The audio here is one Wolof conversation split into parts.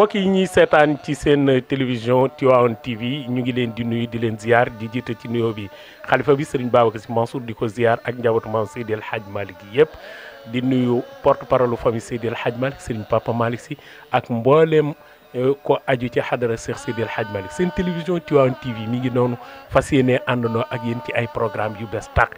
mbokk yi ñuy seetaan ci seen télévision Tivaouane TV ñu ngi leen di nuyu di leen ziar di jiite ci nuyoo bi xalifa bi sëriñ Babacar Sy Mansour di ko ziar ak njabootu maam Seydi Hadj Malick di nuyu porte parole famille Seydi El Hadj Malick sëriñ Papa malik Sy ak mbooleem euh, ko aju ci xadara Cheikh Seydi Hadj seen télévision Tivaouane TV mi ngi noonu fas yéene ak yéen ci ay programme yu bes tax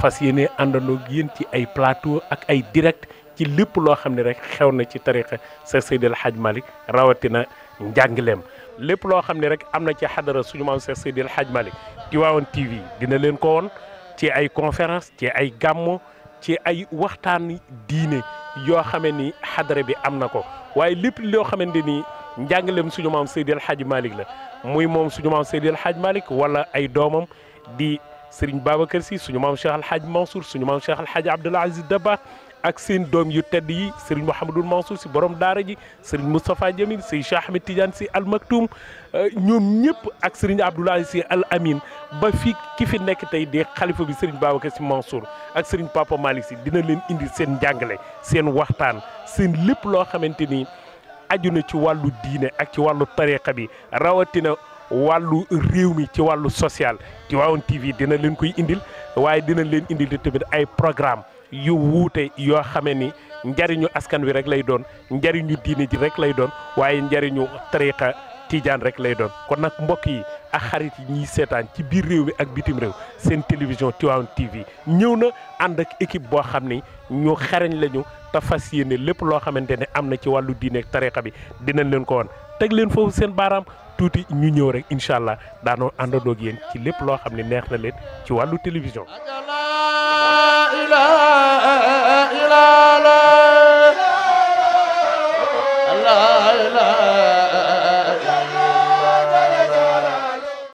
fas yéene àndandoo yéen ci ay plateau ak ay direct ci lépp lo xamni rek xew na ci tariqa sa sayyid al Hadj malik rawatina njàngleem lépp lo xamni rek amna ci hadara suñu maam sayyid al El malik Malick TV dina len ko won ci ay conférence ci ay gamu ci ay waxtan diine yo xamni hadara bi amna ko waye lépp lo xamni ni njàngaleem suñu maam sayyid al Hadj malik la muy mom suñu maam sayyid al Hadj malik wala ay domam di Serigne Babacar si suñu maam Cheikh al Hadj Mansour suñu maam Cheikh al Hadj Abdoul Aziz dabba ak seen doom yu tedd yi Serigne Mouhamadul Mansour si borom daara ji Serigne Moustapha Jamil si Cheikh Ahmed Tidiane si Al Maktoum euh, ñoom ñëpp ak Serigne Abdoulaye si Al Amin ba fi ki fi nekk tey di xalifa bi Serigne Babacar si Mansour ak Serigne Papa Malick si dina leen indi seen njàngale seen waxtaan seen lépp loo xamante ni aju na ci wàllu diine ak ci wàllu tariqa bi rawatina. wàllu réew mi ci wàllu social Tivaouane TV dina leen koy indil waaye dina leen indil tamit ay programme yu wuute yoo xamee ni njariñu askan wi rek lay doon njariñu diini ji rek lay doon waaye njariñu tariqa tijaan rek lay doon kon nag mbokk yi ak xarit yi ñuy seetaan ci biir réew mi ak bitim réew seen télévision Tivaouane TV ñëw na ànd ak équipe boo xam ni ñu xarañ lañu te fas yéene lépp loo xamante ne am na ci wàllu diine ak bi dinañ leen ko woon teg leen foofu seen baaraam tuuti ñu ñëw rek incha allah daanoo àndandoog yéen ci lépp loo xam ne neex na leen ci wàllu télévision Ah.